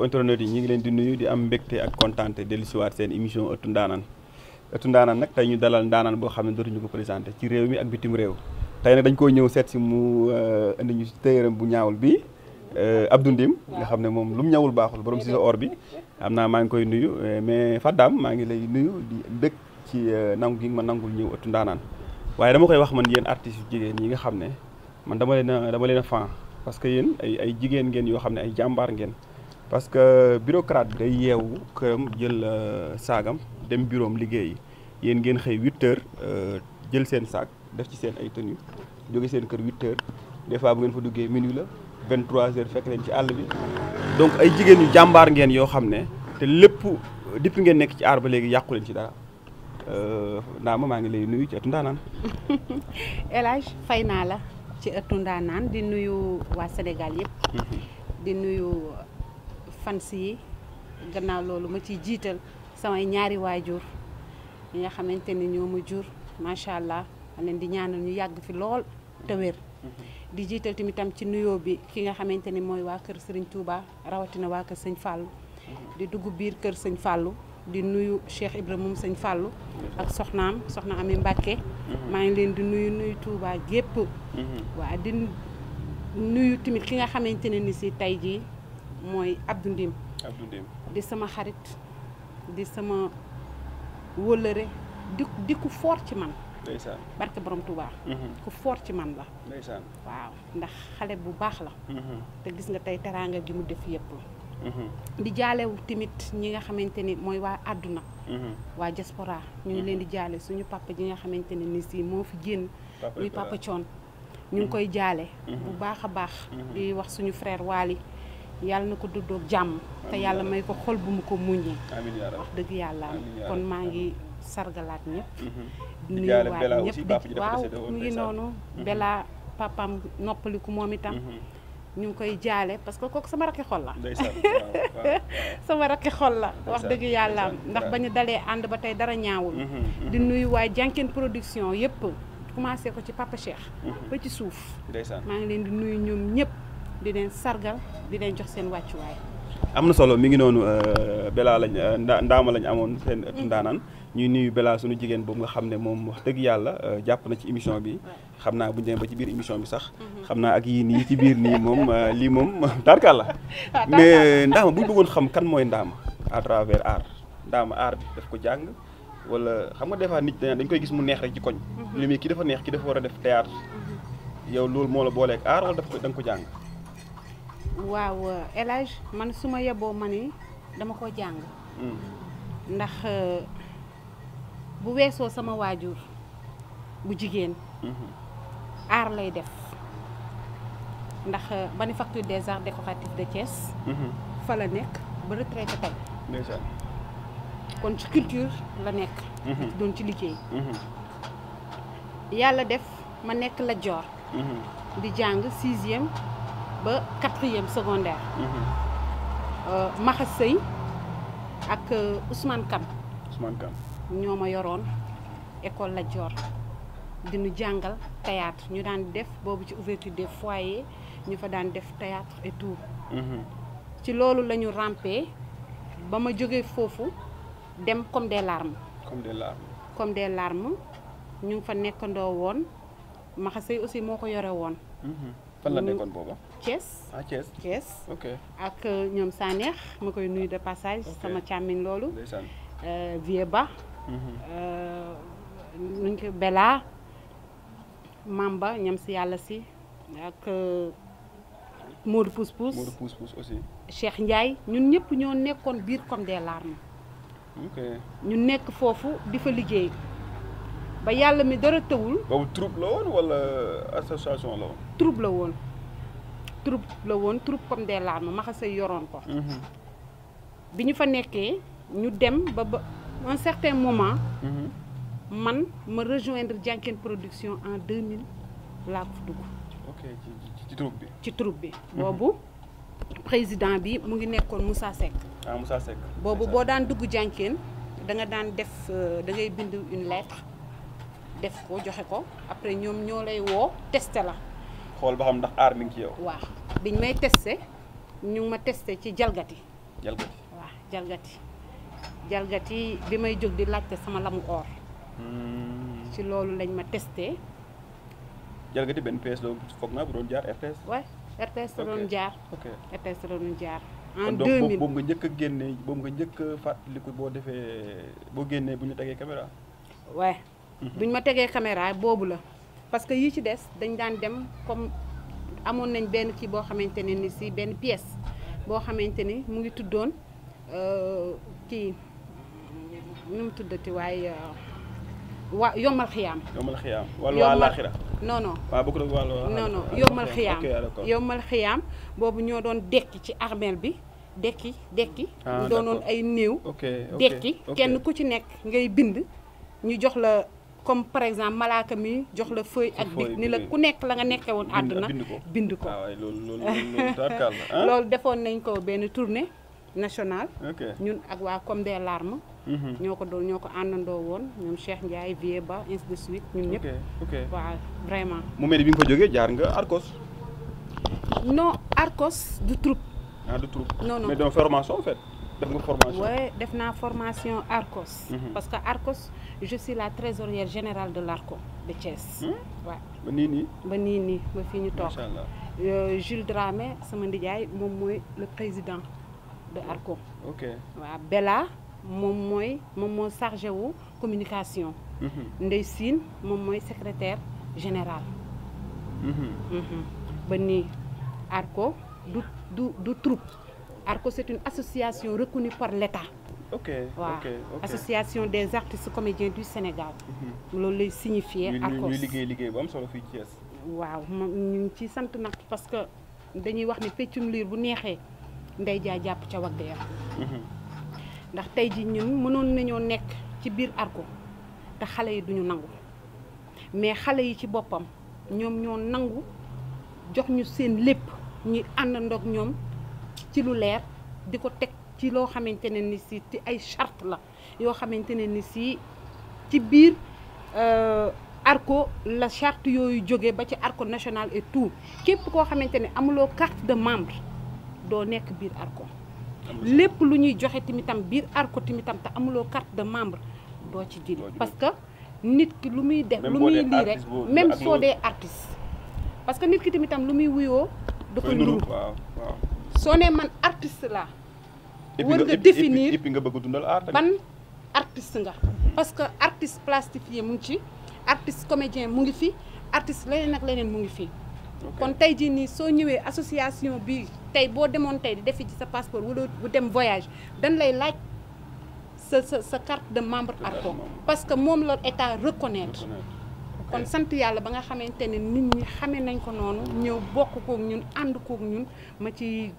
mbokk internet yi ñu ngi leen di nuyu di am mbégte ak kontaan te dellusiwaat seen émission ëttu ndaanaan ëttu ndaanaan nag tey ñu dalal ndaanaan boo xam ne ñu ko présenté ci réew mi ak bitim réew tey nag dañ ko ñëw seet si mu euh, indi ñu si téeram bu ñaawul bi euh, Abdou Ndim nga xam ne moom lu mu ñawul baaxul borom si sa or bi am naa maa ngi koy nuyu euh, mais Fadam maa ngi lay nuyu di bëgg ci nangu gi ma nangul ñëw ëttu ndaanaan waaye dama koy wax man yéen artistes jigéen yi nga xam ne man dama leen a dama leen a parce que yéen ay jigéen ngeen yoo xam ne ay jàmbaar ngeen parce que bureaucrate day yeewu këram jël euh, saagam dem bureau liggéeyi yéen ngeen xëy huit heures euh, jël seen saag def ci seen ay tenue jóge seen kër huit heures des fois bu ngeen fa duggee minuit la vingt trois heures fekk leen ci àll bi donc ay jigéen ñu jàmbaar ngeen yoo xam ne te lépp depuis ngeen nekk ci aar ba léegi yàqu leen ci dara euh, Ndama maa ngi lay nuyu ci ëttu ndaanaan. El Hadj fay naa la ci ëttu ndaanaan di nuyu waa Sénégal yëpp. Mhm. di nuyu. fans yi gannaaw loolu ma ciy jiital samay ñaari waajur yi nga xamante ni ñoo ma jur macha allah leen di ñaanal ñu yàgg fi lool te mhm. di jiital tamit ci nuyoo bi ki nga xamante ni mooy waa kër Serigne Touba rawatina waa kër Sëñ Fallou. Mhm. di dugub biir kër Sëñ fàllu di nuyu Cheikh Ibrahima moom Sëñ Fallou. ak soxnaam soxna Ami Mbacke. Mhm. maa ngi leen di nuyu nuyu Touba gépp waa di nuyu tamit ki nga xamante ne ni si tey jii. mooy Abdou Ndim di sama xarit di sama wóllëre di di ku foor ci man ndeysaan barke borom Touba. Mhm. ku foor ci man la waaw ndax xale bu baax la mhm. te gis nga tey teraanga gi mu def yëpp mhm. di jaalewu tamit ñi nga xamante ni mooy waa àdduna waa diaspora ñu ngi leen di jaale suñu papa ji nga xamante ne ni si moo fi jén muy papa coon ñu ngi koy jaale bu baax a baax di wax suñu freer Waly yàlla na ko duddoog jàmm te yàlla may ko xol bu mu ko muñee wax dëgg yàlla kon maa ngi sargalaat ñëpp mhm. nuyuwaat ñëpp waaw mu ngi noonu mhm. Bella papam noppaliku moom itam mhm. ñu ngi koy jaale parce que kooku sama rakki xol la sama rakki xol la wax dëgg yàlla ndax ba ñu dalee ànd ba tey dara ñaawul di nuyu waa jànkin production yëpp commencé ko ci Papa Cheikh ba ci suuf maa ngi leen di nuyu ñoom ñëpp di leen sargal di leen jox seen wàccuwaay. am na solo mi ngi noonu euh, Bella lañ euh, ndaama lañ amoon seen ëttu mm-hmm. ndaanaan ñuy nuyu Bella suñu jigéen boobu nga xam ne moom wax dëgg yàlla euh, jàpp na ci émission bi xam naa bu ñu ba ci biir émission bi sax mm-hmm. xam naa ak yii nii ci biir nii moom lii moom tarkaal la ah, mais ndaama bu ñu bëggoon xam kan mooy ndaama à travers art ndaama art bi daf ko jàng wala xam nga des fois nit dañ koy gis mu neex rek ci koñ. Mm-hmm. li muy ki dafa neex ki dafa war a def théâtre yow loolu moo la booleeg art wala daf ko jàng. waaw El Hadj man su ma yeboo ma ni dama ko jàng hmm. ndax euh, bu weesoo sama waajur bu jigéen hmm. aar lay def ndax euh, Manufacture des Arts Décoratifs de Thiès hmm. fa la nekk ba retraité tey kon ci culture la nekk doon ci liggéey yàlla def ma nekk la joor di jàng sixième ba quatrième secondaire. Mhm. Euh, Maxa Sëy ak euh, Ousmane Kane. Ousmane Kane ñoo ma yoroon école la Dior di jàngal théâtre ñu daan def boobu ci ouverture de foyers ñu fa daan def théâtre et mhm. ci loolu lañu ñu ba ma jógee foofu dem comme de larmes. comme des larmes comme des larmes ñu fa nekkandoo woon maxasey aussi moo ko yore woon. Mhm. fan la nekkoon booba. Thiès. ah ak euh, ñoom Sanex ma koy nuyu de passage. sama càmmiñ loolu. Euh, Vieux Ba. Mhm. Euh, nuñ ko Bella. Mamba ñam si yàlla si ak Modou Pousse Pousse. Modou Pousse Pousse Cheikh Ndiaye ñun ñëpp ñoo nekkoon biir comme de larmes. ok ñu nekk foofu di fa liggéey. ba yàlla mi dara tëwul. boobu troupe la woon wala association la woon. troupe la woon. troupe la woon troupe comme des larmes maxasay yoroon ko mhm. bi ñu fa nekkee ñu dem ba ba un certain moment mhm. man ma de Dianken production en 2000 laa ko fa dugg ok ci troupe bi ci mhm. boobu président bi mu ngi nekkoon Moussa Seck ah Moussa boobu boo daan dugg Dianken da nga daan def euh, da ngay bind une lettre def ko joxe ko après ñoom ñoo lay woo teste la xool ba xam ndax aar mi ngi ci yow. waaw biñ may testé ñu ma teste ci jalgati. jalgati waaw jalgati. jalgati bi may jóg di laajte sama lamu or. Hmm. ci loolu lañ ma testé. jalgati benn PS la foog naa bu doon jaar RTS. waay RTS la doon jaar. ok RTS doon jaar. en 2000 boobu nga njëkk a génne boobu nga njëkk a fàttaliku boo defee boo génnee bu ñu tegee caméra. waay. Mhm. ma tegee caméra boobu la. parce que yi ci des dañ daan dem comme amoon nañ benn kii boo xamante ne ni si benn pièce boo xamante ni mu ngi tuddoon euh, kii nu mu tuddati waaye euh, yombal xiyaam. yombal xiyaam yombal ah, xiyaam ah, boobu ñoo doon dekki ci armeel bi dekki dekki. ah doonoon ay néew. dekki kenn ku ci nekk ngay bind ñu jox la. comme par exemple malaaka mi jox la feuille ak bic ni la ku nekk la nga nekkee woon àdduna bind ko ah, ah. loolu defoon nañ ko benn tournée nationale ñun ak waa comme des larmes mhm. ñoo ko doon ñoo ko àndandoo woon ñoom Cheikh Ndiaye Vieux Ba ainsi de suite ñun ñëpp waaw vraiment mu mel ni bi nga fa jógee jaar nga Arcos non Arcos du troupe ah du troupe non non mais dama formation en def nga formation Arcos mhm. parce que Arcos je suis la trésorière générale de l'ARCO de Thiès. waaw hmm? ba nii ba nii ba fii ñu toog. Euh, Jules Dramé sama ndijaay moom mooy le président de ARCO. Bella moom mooy moom moo chargé wu communication. Mhm. Ndeye Sine moom mooy secrétaire général. Mhm. Mhm. ba nii ARCO du du troupe. ARCO c'est une association reconnue par l'État. ok association des artistes comédiens du Sénégal. Mhm. loolu lay signifier ACOS ñuy liggéey liggéey bu am waaw ñu ngi ciy sant nag parce que dañuy wax ni peccum liir bu neexee ndey jaay jàpp ca wagg mhm. ndax tey ji ñun mënoon nañoo nekk ci biir arko te xale yi duñu nangu mais xale yi ci boppam ñoom ñoo nangu jox ñu seen lépp ñuy àndandoog ñoom ci lu leer di ko teg. ci loo xamante ne ni ci ay charte la yoo xamante ne ni si ci biir euh, arco la charte yooyu jóge ba ci arco national et tout képp koo xamante ne amuloo carte de membre doo nekk biir arco lépp lu ñuy joxe timitam biir arco timitam te amuloo carte de membre doo ci jël parce que nit ki lu muy def lu muy lii rek même soo dee artiste parce que nit ki timitam lu muy wuyoo da koy nuru soo ne man artiste laa war nga définir et puis nga bëgg a dundal art ban artiste nga parce que artiste plastifié mu ngi ci artiste comédien mu ngi fi artiste leneen ak leneen mu ngi fii kon tey jii nii soo ñëwee association bi tey boo demoon tey di defi ci sa passeport wala bu dem voyage dañ lay laaj sa sa sa carte de membre ARCO parce que moom la état reconnaître kon sant yàlla ba nga xamante ne nit ñi xamee nañ ko noonu ñëw bokk kook ñun ànd kook ñun ma ci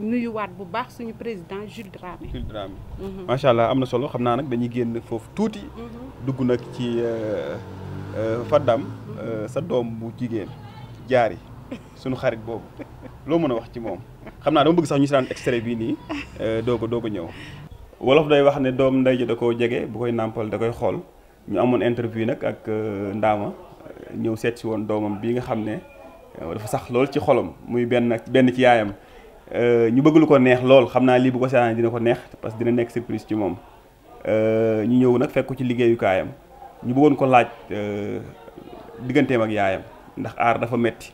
nuyuwaat bu baax suñu président Jules Dramé. Jules Dramé. Mhm. macha allah am na solo xam naa nag dañuy génn foofu tuuti. Mhm. dugg nag ci euh, euh, Fadam. Mhm. Euh, sa doom bu jigéen jaari suñu xarit boobu loo mën a wax ci moom xam naa dama bëgg sax ñu si daan extrait bii nii doo ko doo ko ñëw. day wax ne doom ndey ji da koo jege bu koy nàmpal da koy xool ñu amoon interview nag ak ndaama ñëw seet si woon doomam bii nga xam ne dafa sax loolu ci xolom muy benn benn ci yaayam. Euh, ñu bëgg lu ko neex lool xam naa lii bu ko seetaan dina ko neex parce que dina nekk surprise ci moom euh, ñu ñëw nag fekk ko ci liggéeyukaayam ñu bëggoon ko laaj euh, digganteem ak yaayam ndax aar dafa metti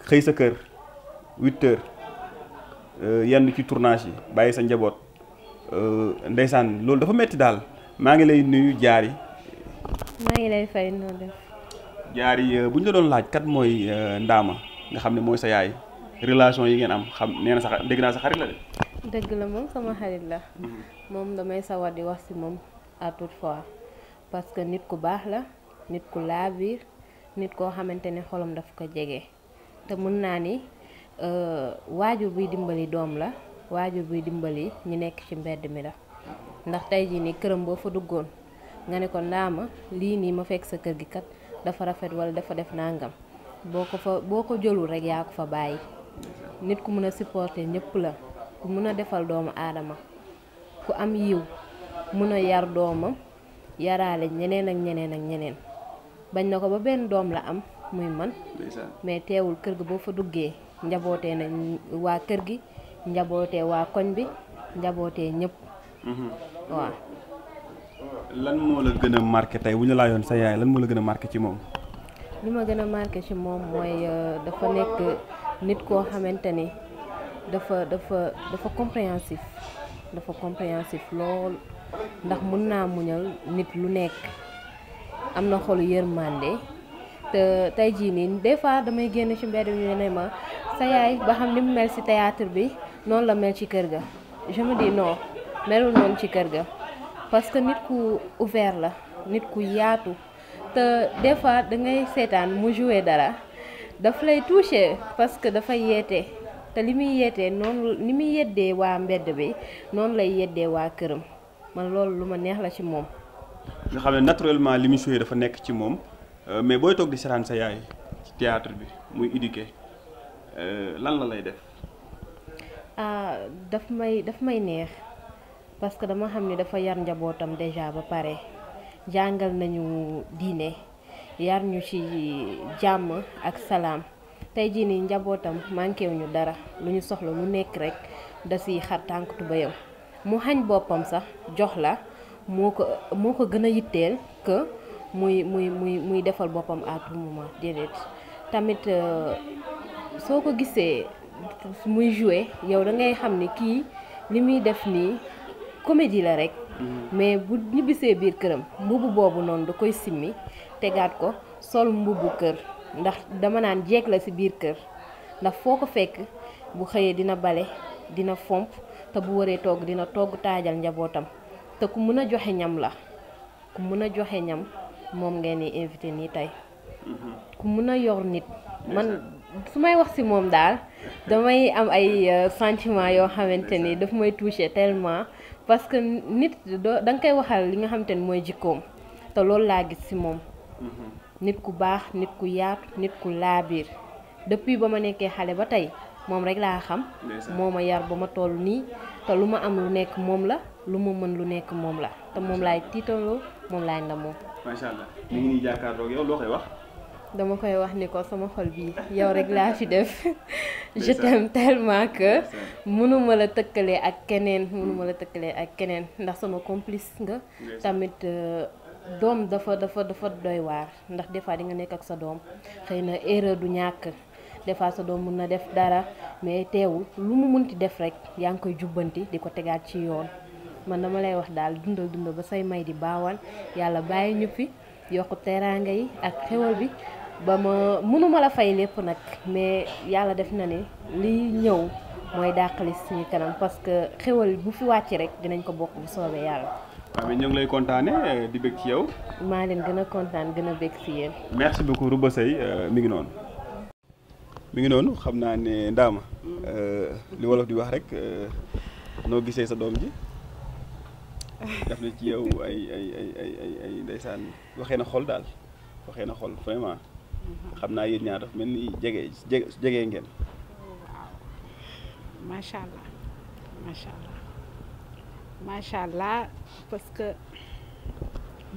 xëy sa kër huit heures yenn ci tournage yi bàyyi sa njaboot ndeysaan loolu dafa metti daal maa ngi lay nuyu jaari maa ngi lay fay noo def. jaari bu ñu la doon laaj kat mooy Ndama nga xam ne mooy sa yaay. relation yi ngeen am xam nee na sax dégg sa xarit la de. dëgg la moom sama xarit la. Mm-hmm. moom damay sawar di wax ci moom à toute fois parce que nit ku baax la nit ku laabiir nit koo xamante ne xolom daf ko jege te mun naa ni euh, waajur buy dimbali doom la waajur buy dimbali ñu nekk ci mbedd mi la ndax tey jii ni këram boo fa duggoon nga ne ko ndaama lii nii ma fekk sa kër gi kat dafa rafet wala dafa def nàngam boo ko fa boo ko jëlul rek yaa ko fa bàyyi. nit ku mun a supporter ñëpp la ku mën a defal doomu aadama ku am yiw mun a yar doomam yaraale ñeneen ak ñeneen ak ñeneen bañ na ko ba benn doom la am muy man mais teewul kër gi boo fa duggee njabootee na waa kër gi njabootee waa koñ bi njabootee ñëpp mhm. waaw lan moo la gën a marqué tey wu ñu yoon sa yaay lan moo la gën a marqué ci moom li ma gën a marqué ci moom mooy euh, dafa nekk nit koo xamante ni dafa dafa dafa compréhensif dafa compréhensif lool ndax mun naa muñal nit lu nekk am na xolu yërmande te tey jii nii des fois damay génn ci mbedd mi ne ma sa yaay ba xam ni mu mel ci théâtre bi noonu la mel ci kër ga je me dis non melul noonu ci kër ga parce que nit ku ouvert la nit ku yaatu te des fois da seetaan mu jouer dara daf lay touché parce que dafa yeete te li muy yeetee noonu li muy yeddee waa mbedd bi noonu lay yeddee waa këram man loolu lu ma neex la ci moom. nga xam ne naturellement li muy joué dafa nekk ci moom euh, mais booy togg di seetaan sa yaay ci théâtre bi muy éduqué euh, lan la lay def. ah daf may daf may neex parce que dama xam ne dafa yar njabootam déjà ba pare jàngal nañu diine. yar ñu ci jàmm ak salaam tey jii nii njabootam manqué wuñu dara lu ñu soxla lu nekk rek da siy xar tànk tubéyam mu xañ boppam sax jox la moo ko moo ko gën a yitteel que muy muy muy muy defal boppam à tout moment déedéet tamit euh, soo ko gisee muy jouer yow dangay xam ni kii li muy def nii comédie la rek. Mm-hmm. mais bu ñibbisee biir këram mbubu boobu noonu da koy simmi tegaat ko sol mbubu kër ndax dama naan jeeg la ci biir kër ndax foo ko fekk bu xëyee dina bale dina fomp te bu waree togg dina togg taajal njabootam te ku mën a joxe ñam la ku mën a joxe ñam moom ngeen di invité nii tey mm-hmm. ku mën a yor nit man su may wax ci moom daal damay am ay euh, sentiment yoo xamante ni daf may toucher tellement parce que nit da nga koy waxal li nga xamante ni mooy jikkoom te loolu laa gis ci moom. Mm-hmm. nit ku baax nit ku yaatu nit ku laabiir depuis ba ma nekkee xale ba tey moom rek laa xam. moo ma yar ba ma toll nii te lu ma am lu nekk moom la lu ma mën lu nekk moom la te moom laay tiitaloo moom laay ndamoo. dama koy wax ni ko sama xol bii yow rek laa fi def je t'aime tellement que mënuma la tëkkalee ak keneen mënuma la tëkkalee ak keneen ndax sama complice nga tamit euh, doom dafa dafa dafa doy waar ndax des fois di nga nekk ak sa doom xëy na erreur du ñàkk des sa doom mun na def dara mais teewul lu mu mun ti def rek yaa ngi koy jubbanti di ko tegaat ci yoon man dama lay wax daal dundal dundal ba say may di baawal yàlla bàyyi ñu fi yokk teraanga yi ak xewal bi ba ma mënuma la fay lépp nag mais yàlla def na ni liy ñëw mooy dàqali suñu kanam parce que xéwal bu fi wàcc rek dinañ ko bokk bu soobee yàlla. waaw mais ngi lay kontaane eh, di bëgg ci yow. maa leen gën a kontaan gën a bëgg ci yéen. merci beaucoup Rouba Seye euh, mi ngi noonu. mi ngi noonu xam naa ne ndaama. Euh, li wolof di wax rek euh, noo gisee sa doom ji. daf na ci yow ay ay ay ay ay ndeysaan waxee na xol daal waxee na xol vraiment. Uh-huh. xam naa yéen ñaar daf mel ni jege jege ngeen. waaw allah macha allah macha allah parce que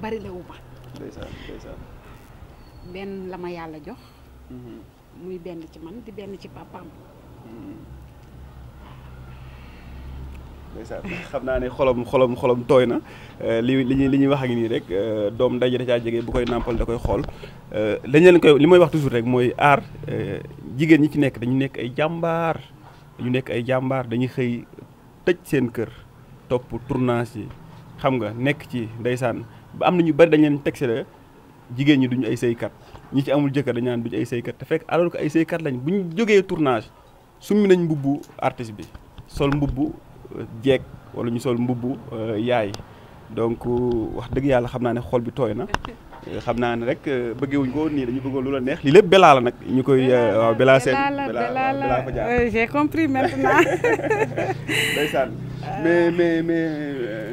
bari la benn la ma yàlla jox. Mm-hmm. muy benn ci man di benn ci papaam. Mm-hmm. xam naa ne xolom xolom xolom tooy na euh, li li ñuy li ñuy wax ak nii rek euh, doom ndey ji da caa jege bu koy nàmpal da koy xool dañ euh, li may wax toujours rek mooy aar jigéen ñi ci nekk dañu nekk ay jàmbaar dañu nekk ay jàmbaar dañuy xëy tëj seen kër topp tournage yi xam nga nekk ci ndeysaan ba am na ñu bari dañ leen tegse la jigéen ñi duñu ay sëykat ñi ci amul jëkkër dañu naan ay sëykat te fekk alors que ay sëykat lañ bu ñu jógee tournage summi nañ mbubbu artiste bi sol mbubbu jeeg wala ñu sol mbubb euh, yaay donc wax dëgg yàlla xam naa ne xol bi tooy na euh, xam naa ne rek euh, bëggewuñ ko nii dañu bëggoon lu la neex li lépp belaa la nag ñu koy waaw belaa seen belaa belaa ko jaar j'ai compris mais mais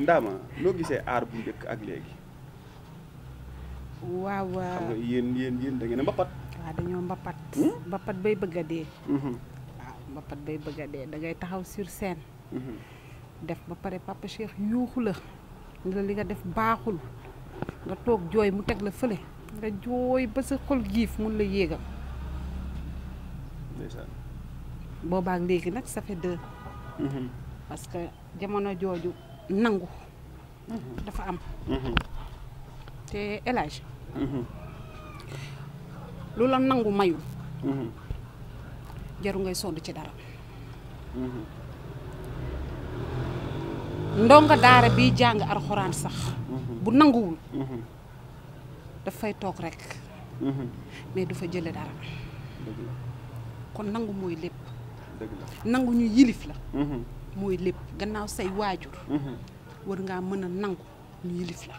loo gisee aar bu njëkk ak léegi yéen yéen yéen da ngeen a dañoo mbapat hmm? mbapat bay bëgg a dee hmm? waaw bay bëgg dee da ngay taxaw sur seen def ba pare papa Cheikh yuuxu la ni la li nga def baaxul nga toog jooy mu teg la fële nga jooy ba sa xol giif mun la yéegal boobaak léegi nag ça fait deux mm-hmm. parce que jamono jooju nangu mm-hmm. dafa am mm-hmm. te élage lu la nangu mayul jaru ngay sonn ci dara ndongo daara bi jàng alxuraan sax mhm. bu nanguwul mhm. dafay toog rekk mhm. mais du fa jële dara kon nangu mooy lépp nangu ñu yilif la mooy lépp gannaaw say waajur war ngaa mën a nangu ñu yilif la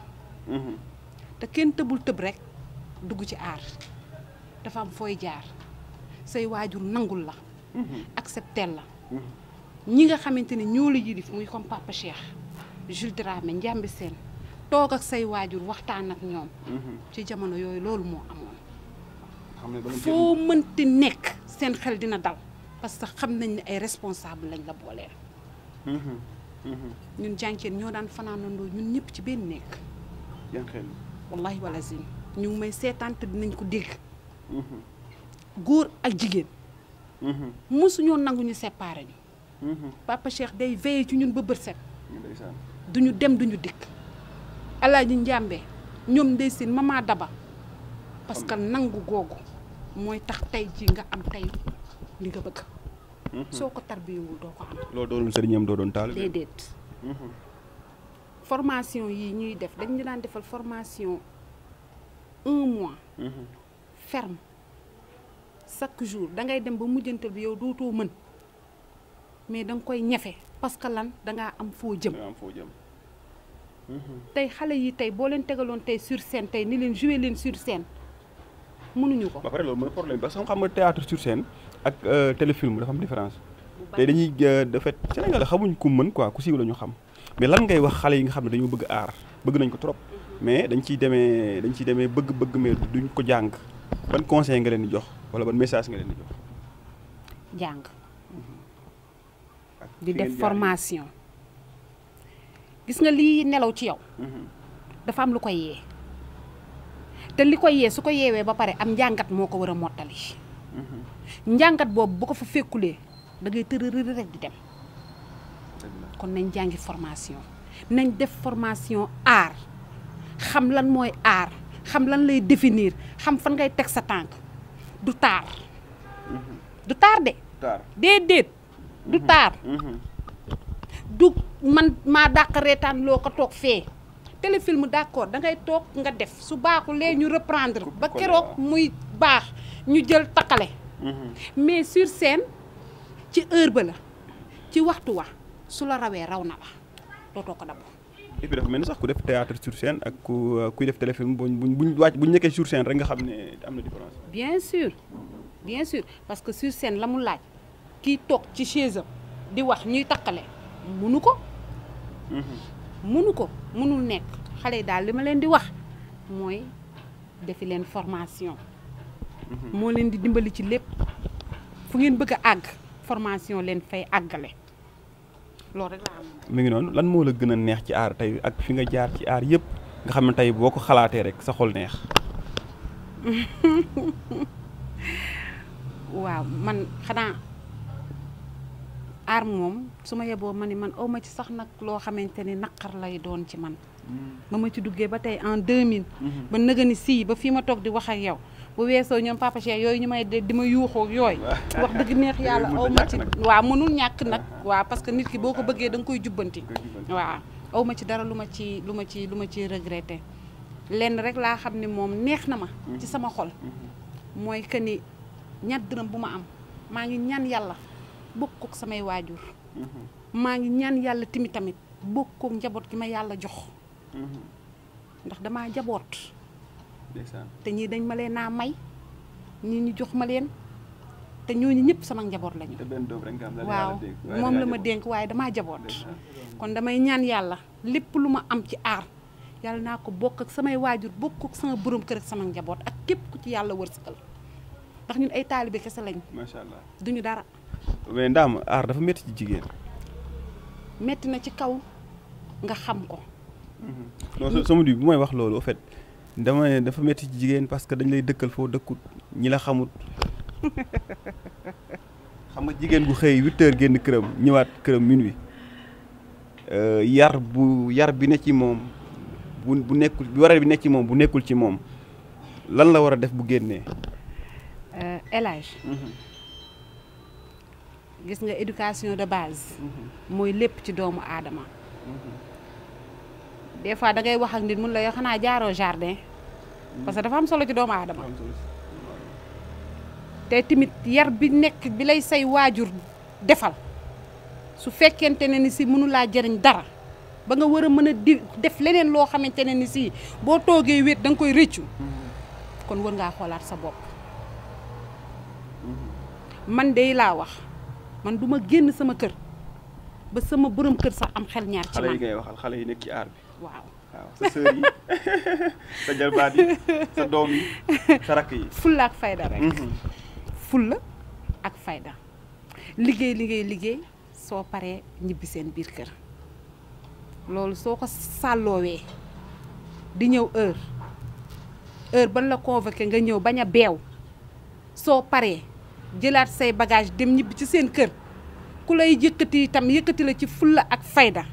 te kenn tëbul tëb rekk dugg ci aar dafa am fooy jaar say waajur nangul la ak accepter la ñi nga xamante ne ñoo la yilif muy comme papa Cheikh Jules Dramé njàmbi seen toog ak say waajur waxtaan ak ñoom. Mhm. ci jamono yooyu loolu moo amoon. foo mënti nekk seen xel dina dal parce que xam nañ ni ay responsable lañ la booleel. Mhm. Mhm. ñun jànkeen ñoo daan fanaanandoo ñun ñëpp ci benn nekk. jànkeen wallahi wala zim ñu ngi may seetaan te dinañ ko dégg. góor ak jigéen. mosuñoo nangu ñu séparé ñu. papa Cheikh day veillé ci ñun ba bët set. duñu dem duñu dikk. alaaji njàmbe ñoom ndey seen mama daba parce que nangu googu mooy tax tey ji nga am tey li nga bëgg. Mhm. soo ko tarbiyewul doo ko am. loolu doonul ñoom doo doon taalibe déedéet. Mhm. formation yi ñuy def dañu daan defal formation un mois. Mhm. ferme chaque jour da ngay dem ba mujjantal bi yow dootoo mën. mais danga koy ñefe parce que lan da am foo jëm. am foo jëm. Mm-hmm. tey xale yi tey boo leen tegaloon tey sur scène tey ni leen joué leen sur scène mënuñu ko. ba pare loolu mooy problème parce que xam nga théâtre sur scène ak euh, téléfilm dafa am différence. tey dañuy euh, dafa Sénégal xamuñ ku mën quoi ku siiw la ñu xam mais lan ngay wax xale yi nga xam ne dañoo bëgg aar bëgg nañ ko trop mm-hmm. mais dañ ciy demee dañ ciy demee bëgg-bëgg mais duñ ko jàng ban conseil nga leen di jox wala ban message nga leen di jox. di def formation gis nga lii nelaw ci yow mhm. dafa am lu ko yee te li ko yee su ko yeewee ba pare am njàngat moo ko war a mottali mhm. njàngat boobu bu ko fa fekkulee da ngay tërërëri rek di dem kon nañ jàngi formation nañ def formation art xam lan mooy aar xam lan lay définir xam fan ngay teg sa tànk du taar mhm. du taar de déedéet du taar mm-hmm. du man maa dàq reetaan loo ko toog fee téléfilm d'accord da ngay toog nga def su baaxulee ñu reprendre ba keroog muy baax ñu jël takkale mm-hmm. mais sur scène ci heure ba la ci waxtu wa su la rawee raw na la dootoo ko dabo et puis dafa mel ni sax ku def théâtre sur scène ak ku euh, kuy def téléfilm buñ buñ wàcc buñ nekkee sur rek nga xam ne am na différence bien sûr bien sûr parce que sur scène la mu laaj kiy toog ci chaise am di wax ñuy taqale munu ko mm-hmm. munu ko munul nekk xale yi daal li ma leen di wax mooy defi leen formation mm-hmm. moo leen di dimbali ci lépp fu ngeen bëgg a àgg formation leen fay àggale loolu rek laa mu ngi noonu lan moo la gën a neex ci aar tey ak fi nga jaar ci aar yëpp nga xam ne tey boo ko xalaatee rek sa xol neex waaw man xanaa aar moom su ma yeboo ma ni man aw ma ci sax nag loo xamante ni naqar lay doon ci man. Mm. ba ma ci duggee ba tey en 2000. Mm-hmm. ba nëga ni sii ba fii ma toog di wax ak yow. bu weesoo ñoom papa Cheikh yooyu ñu may de di ma yuuxoo yooyu. wax dëgg neex yàlla aw ma ci. waaw mënul ñàkk nag. waa parce que nit ki boo ko bëggee da nga koy jubbanti. waaw aw ma ci dara lu ma ci lu ma ci lu ma ciy regretté. lenn rek laa xam ne moom neex na ma. ci mm-hmm. sama xol. Mm-hmm. mooy que ni ñett dërëm bu ma am maa ngi ñaan yàlla. bokk kook samay waajur mhm. maa ngi ñaan yàlla timi tamit bokk kook njaboot gi ma yàlla jox mhm. ndax damaa jaboot te ñii dañ ma leen naa may ñii ñi jox ma leen te ñooñu ñëpp sama njaboot lañu waaw moom la ma dénk waaye damaa jaboot kon damay ñaan yàlla lépp lu ma am ci aar yàlla naa ko bokk ak samay waajur bokk ak sama borom kër ak sama njaboot ak képp ku ci yàlla wërsëgal ndax ñun ay taalibe kese lañu. duñu dara. mais ndaam aar dafa métti ci jigéen. métti na ci kaw nga xam ko. Mm-hmm. non sama di bu may wax loolu en fait dama ne dafa métti ci jigéen parce que dañ lay dëkkal foo dëkkut ñi la xamut. xam nga jigéen bu xëy huit génn këram ñëwaat këram minuit euh, yar bu yar bi ne ci moom bu bu nekkul bi waral bi ne ci moom bu nekkul ci moom lan la war a def bu génnee. Euh, gis nga éducation de base. Mhm. mooy lépp ci doomu aadama. Mhm. des fois da wax ak nit mun la yoo xanaa jaaroo jardin. parce que dafa am solo ci doomu aadama. te tamit yar bi nekk bi lay say waajur defal su fekkente ne ni si mënulaa jëriñ dara ba nga war a mën a di def leneen loo xamante ne ni si boo toogee wéet da nga koy rëccu. Mhm. kon wër ngaa xoolaat sa bopp. man dey laa wax. man du ma génn sama kër ba sama borom kër sax am xel ñaar ci man xale yi ngay waxal xale yi nekk ci aar bi waaw sa sœur yi sa jalbaat yi sa doom yi sa rakk yi fulla ak fayda rek mhm. liggéey liggéey liggéey soo paree ñibbi seen biir kër loolu soo ko sàlloowee di ñëw heure heure ban la convoqué nga ñëw bañ a beew soo paree jëlaat say bagage dem ñibbi ci seen kër ku lay yëkkati itam yëkkati la ci fulla ak fayda.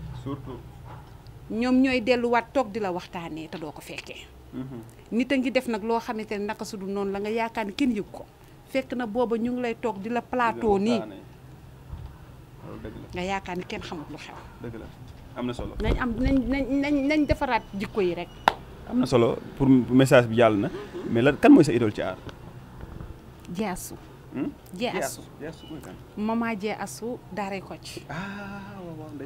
ñoom ñooy delluwaat toog di la waxtaanee te doo ko fekkee. Mm-hmm. nit a ngi def nag loo xamante ne naka su noonu la nga yaakaar ni kenn yëg ko fekk na booba ñu ngi lay toog di la plateau nii. yaakaar ni kenn xamut lu xew. dëgg la am na solo. nañ am nañ nañ nañ defaraat jikko yi rek. am na solo pour message bi jàll na mais lan kan mooy sa idole ci aar. jaasu. Hmm? jee asu mama jee asu daaray Kocc ah,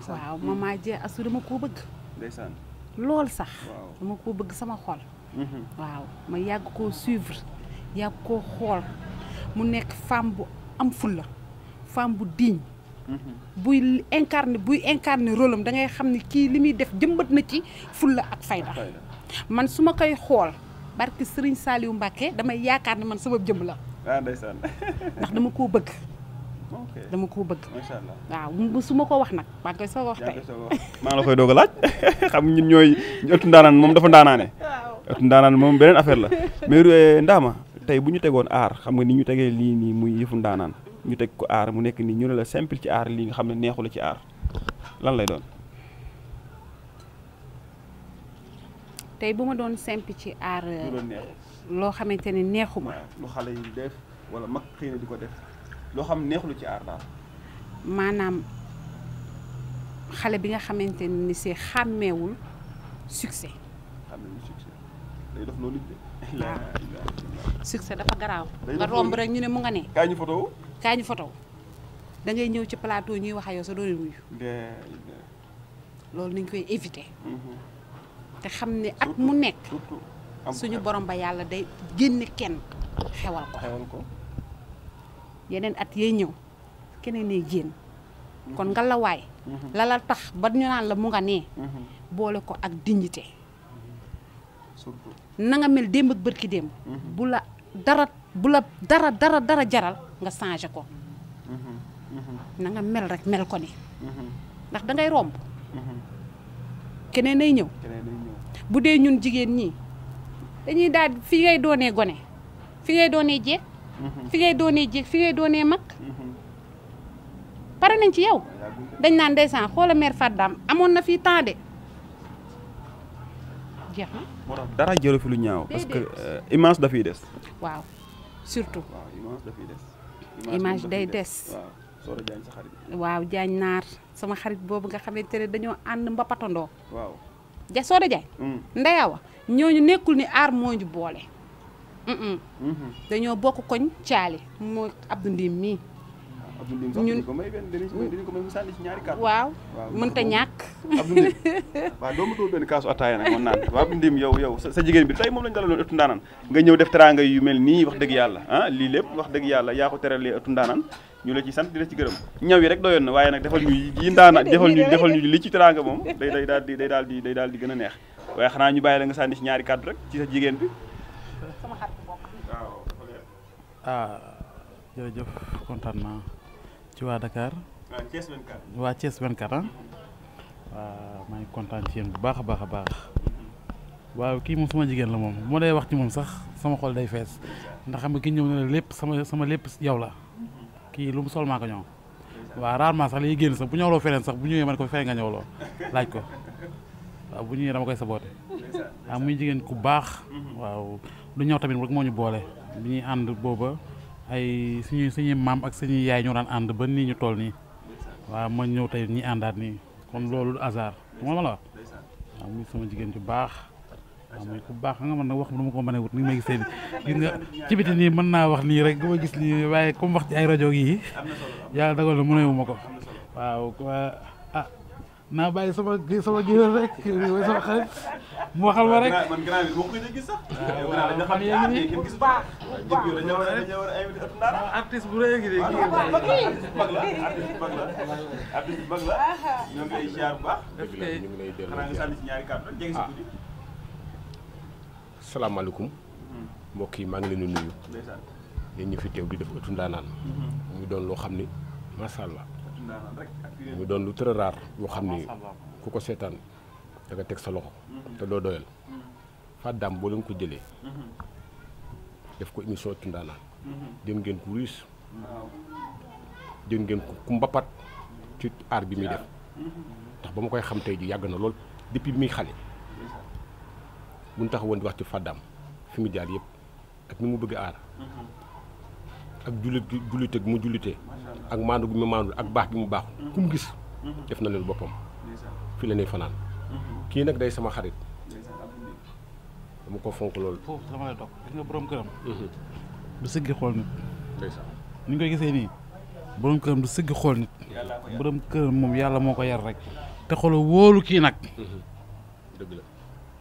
waaw mama hmm. jee asu dama koo bëgg lool sax dama koo bëgg sama xol hmm. waaw ma yàgg koo suivre yàgg koo xool mu nekk femme bu am fulla femme bu digne buy incarné buy incarné rôle am da xam ne kii li muy def jëmbat na ci fulla ak fayda man su ma koy xool barke Serigne Saliou Mbacké damay yaakaar ne man sama jëm la ah ndeysaan ndax dama koo bëgg. dama koo bëgg. macha allah waaw su ma ko wax nag maa ngi koy soog la laaj xam ñu ñooy ëttu ndaanaan moom dafa ndaanaane. waaw ndaanaan moom beneen affaire la mais euh, ndaama tey bu ñu tegoon aar xam nga ni ñu tegee lii nii muy yëfu ndaanaan ñu teg ko aar mu nekk nii ñu ne la simple ci aar lii nga xam ne neexu la ci aar lan lay doon. tey bu ma doon simple ci aar. loo xamante ni neexuma lu xale yi def wala mag xëy di ko def loo xam neexulu ci aar daal maanaam xale bi nga xamante ni si xàmmewul succès xàmmeewul succès dafa garaaw nga romb rek ñu ne mu nga ne kaa ñu photo kaa dangay ñëw ci plateau ñuy wax a yow sa doone wuyu loolu nañ koy éviter mhm. te xam ne at mu nekk suñu borom ba yàlla day génne kenn xewal ko yeneen at yee ñëw keneen ay génn mm-hmm. kon nga la waay mm-hmm. tax ba ñu naan la mu nga nee mm-hmm. boole ko ak dignité nanga mel démb ak bërki démb bu la dara bu dara dara jaral nga changé ko nanga mel rekk mel ko ni ndax da ngay romb keneen ñëw bu dee ñun jigéen ñi dañuy daal fi ngay doonee gone fi ngay doonee jeeg mhm. fi ngay doonee jéeg fi ngay doonee mag mhm. pare nañ ci yow dañ naan ndeysaan xoola mère Fadam amoon na fii temps de jeex dara jëru fi lu ñaaw parce que euh, image dafay des waaw surtout waaw day des waaw jaañ naar sama xarit boobu nga xamante ne dañoo ànd mbapatandoo waaw ja soo da jaay ndeyawa ñooñu nekkul ni aar moo ñu boole mm-hmm. dañoo bokk koñ caali mooy Abdou Ndim mii ah, ñun waaw mënta ñàkk waaw doo ma doo benn kaasu ataaya nag mën naan waaw Abdou Ndim yow yow sa jigéen bi tey moom lañu dalaloon ëttu ndaanaan nga ñëw def teraanga yu mel nii wax dëgg yàlla ah lii lépp wax dëgg yàlla yaa ko teralee ëttu ndaanaan ñu la ci sant di la ci gërëm ñaw yi rek doyoon na waaye nag defal ñu yi ndaana defal ñu defal li ci teraanga moom day day daal di day daal di day daal di gën a neex waaye xanaa ñu bàyyi la nga sànni ci ñaari kàddu rek ci sa jigéen bi ah ci waa Dakar waa Thiès 24 ah. kontaan ci bu baax a baax a baax waaw kii moom sama jigéen la moom moo ma dee wax ci moom sax sama xol day fees ndax xam nga ki ñëw ne lépp sama sama lépp yow la kii lu mu sol maa ko ñëw waaw rarement sax lay génn sax bu ñëwloo feneen sax bu ñëwee man ko fay nga ñëwloo laaj ko waaw bu ñëwee dama koy saboote waaw muy jigéen ku baax waaw lu ñoo tamit rek moo ñu boole bi ñuy ànd booba ay suñuy suñuy maam ak suñuy yaay ñoo daan ànd ba nii ñu tool nii waaw ma ñëw tey ñu àndaat nii kon loolu hasard moom la waaw muy sama jigéen ju baax waaw muy ku baax nga man nag wax ma ko mën a wut ni may gisee nii gis ci biti nii mën naa wax nii rek du ma gis nii waaye comme wax ci ay rajo yi yàlla ma ko ah, sama sama rek mu waxal ma rek man grand bi boo ko gis sax dafa yéen ni bu baax artiste bu gi la salaamaaleykum. mbokk yi maa ngi leen di nuyu. yéen ñu fi teew bi def ëttu ndaanaan. Mm-hmm. muy doon loo xam ni macha allah. muy doon lu très rare loo xam ni ku ko seetaan da nga teg sa loxo. Mm-hmm. te doo doyal. Mm-hmm. Fadam boo leen ko jëlee. def ko émission ëttu ndaanaan. jën ngeen ku riis. jën ngeen ku mbapat ci aar bi muy def. ndax ba ma koy xam tey ju yàgg na lool depuis bi muy xale. bu ñu taxawoon di wax ci fàddaam fi mu jaar yëpp ak ni mu bëgg aar ak jullit jullite bi mu jullitee ak maandu bi mu maandul ak baax bi mu baax ku mu gis def na leen boppam fi la ne fanaan kii nag day sama xarit dama ko fonk loolu dama la toog këram mhm. du sëggi xool nit ñu ngi koy gisee nii borom këram du sëggi xool nit borom këram moom yàlla moo ko yar rek te xooloo wóolu kii nag mhm.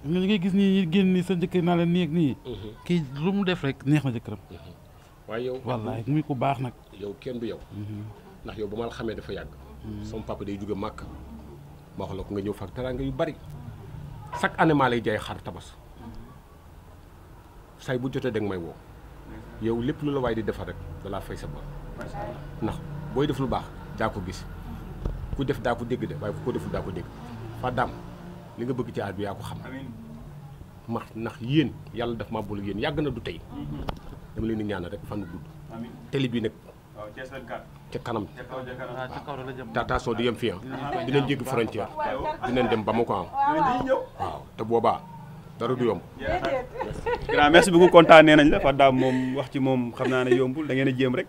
nga ngay gis nii génn sa jëkkër naa leen nii mhm. kii lu mu def rek neex na jëkkëram mhm. waaye yow wallaay muy ko baax nag yow kenn du yow mhm. ndax yow ba ma xamee dafa yàgg sama day jóge màkk ma wax la ñëw fa ak teraanga yu bari chaque année maa lay jaay xar tabas say bu jotee da nga may woo yow lépp lu la waay di defar rek dalaa fay sa bor ndax booy def lu baax daa ko gis ku def daa ko dégg de waaye ku ko deful daa ko dégg fa daam li nga bëgg ci aar bi yaa ko xam ma nax yéen yàlla daf ma boole yéen yàgg na du tey mm-hmm. dama leen di ñaanal rek fan gudd télé bi nag ca kanam ah, tataso di yem fi ah. ah. dinañ jéggi frontière dinañ dem ba mu ko am waaw te boobaa dara du yomb. grand merci beaucoup kontaan nee nañ la Fadda moom wax ci moom xam naa ne yombul da ngeen a jéem rek.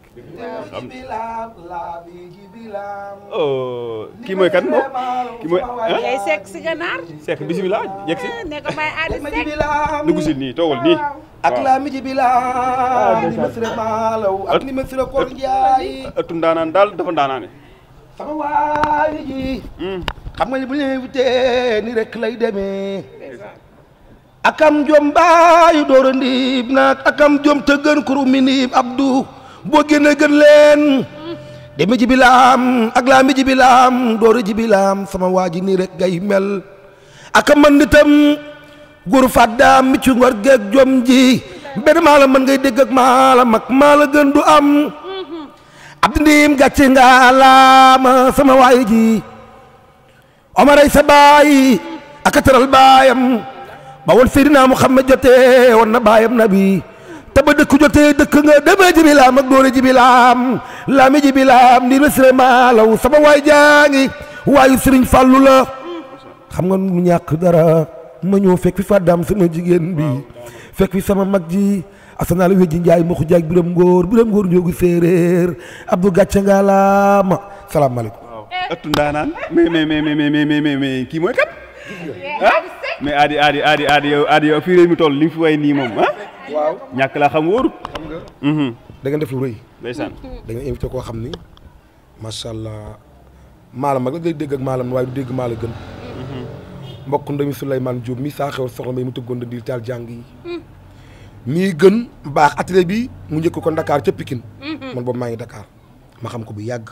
xam oh, kii mooy kan moom kii mooy. ah ngay sekk si ganaar. sekk bisimilah yegg si. Ah, ne ko may aadi sekk. dugg ak laa miji bi ah, ni masira maalaw ak ni masira koor njaay ëttu ndaanaan daal dafa ndaanaane hmm. xam nga ni bu ñu ni rek lay demee akam jom baayu door a ndiib akam jom te gën mi niib abdu boo génne gën leen deme ji bilaam ak laa mi ji bilaam ji bilaam sama waa ji nii rek ngay mel akam man nitam góor fàddaam mi ci ngor geeg jom ji benn maa la mën ngay dégg ak maa la gën du am abdi ndiim gàcce nga laama sama waay ji omaray sa baay aka tëral baayam ba woon Seydina Muhammad jotee woon na baayam nabi te ba dëkk jotee dëkk nga demee jibi laam ak doole jibi laam laami jibi laam nii la sire maalaw sama waay jaangi waayu sëriñ fàllu la xam nga nu ñàkk dara ma ñëw fekk fi fàddaam sama jigéen bi fekk fi sama mag ji asanaal wejji njaay ma xujaaj biram ngóor biram ngóor njóogu séeréer abdou gàcce nga laama salaamaaleykum ëttu ndaanaan mais mais mais kii mooy kat mais aadi aadi aadi aadi yow aadi yow fii réew mi toll li nga fi way nii moom ah. waaw ñàkk laa xam wóorut. xam nga. Mhm. da ngeen def lu rëy. ndeysaan da ngeen invité koo xam ni macha allah maalam mag la day dégg ak maalam waaye du dégg maala gën. Mhm. mbokk ndami Souleymane Diop mi saa xew soxla mbay mu tëggoon di taal jàng yi. mii gën baax atelier bi mu njëkk ko Dakar ca Pikine. Mhm. man boobu maa ngi Dakar ma xam ko bu yàgg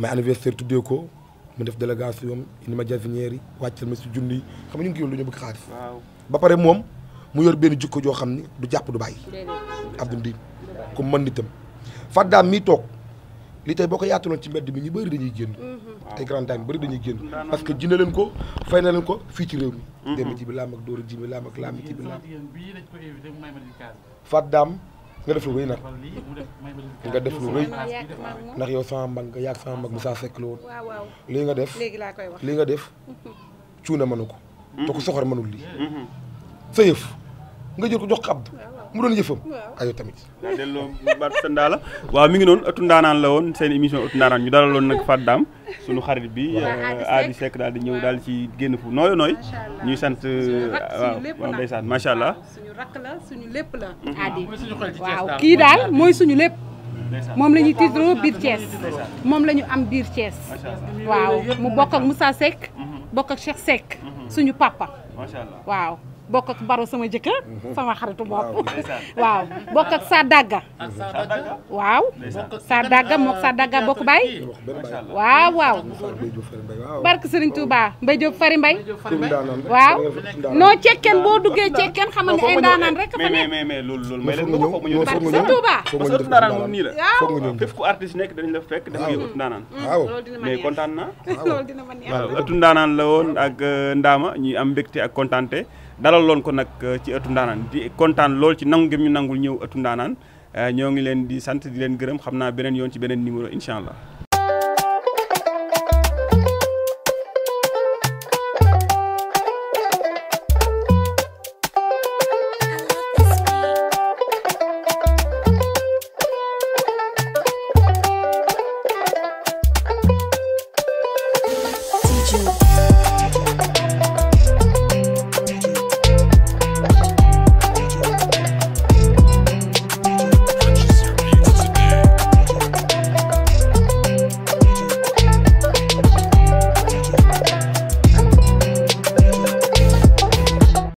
may anniversaire tuddee ko. mu def délégation indi ma jardinière yi wàccal ma si junni yi xam nga ñu ngi koy lu ñu bëgg xaalis. ba pare moom mu yor benn jukko joo xam ni du jàpp du bàyyi. Abdou Ndine comme man nitam Faddaam mi toog li tey boo ko yaataloon ci mbedd mi ñu bëri dañuy génn. ay mhm. grand time bëri dañuy génn parce que jina leen ko fay na leen ko fii ci réew mi. démb ji bi ak dóor ji bi laam ak laam ci bi Faddaam. nga def lu rëy nag nga def lu rëy ndax yow sama mag nga yàgg sama mag Moussa Seck la nga def li nga def cuuna mënu ko mhm. te ku soxor mënul lii mhm. sa yëf nga jël ko jox ko mu doon jëfam ayo tamit daa delloo baat waaw mi ngi noonu ëttu ndaanaan la woon seen émission ëttu ndaanaan ñu dalaloon nag Fatou Dame suñu xarit bi euh, Adi Seck daal di ñëw daal ci génn fu nooyo nooy ñuy sant euh, waaw waaw ndeysaan allah suñu rakk la suñu lépp la mm-hmm. Adi waaw kii daal mooy suñu lépp moom lañuy ñuy tiitroo biir Thiès moom la ñu am biir Thiès waaw mu bokk ak Moussa Seck mm-hmm. bokk ak Cheikh mm-hmm. suñu papa waaw bokk ak baro sama jëkkër mhm. sama xaritu bopp waaw bokk ak sa dagga waaw sa dagga mook sa dagga bokk baay waaw waaw barke Serigne Touba Mbaye Diop Fari Mbaye waaw non cekkeen boo duggee cekkeen xamal ne ay ndaanaan rek fa nekk mais mais loolu loolu may leen ko foog ñu barke Serigne Touba parce que ndaanaan moom nii la foog ñu fépp ku artiste nekk dañ la fekk def yëpp ndaanaan mm, mais kontaan naa loolu dina ma neex ëttu ndaanaan la woon ak euh, ndaama ñuy am mbégte ak kontaante dalal loon ko nag euh, ci ëttu ndaanaan di kontaan lool ci nangu gëm ñu nangul ñëw ëttu ndaanaan euh, ñoo ngi leen di sant di leen gërëm xam naa beneen yoon ci beneen numéro incha allah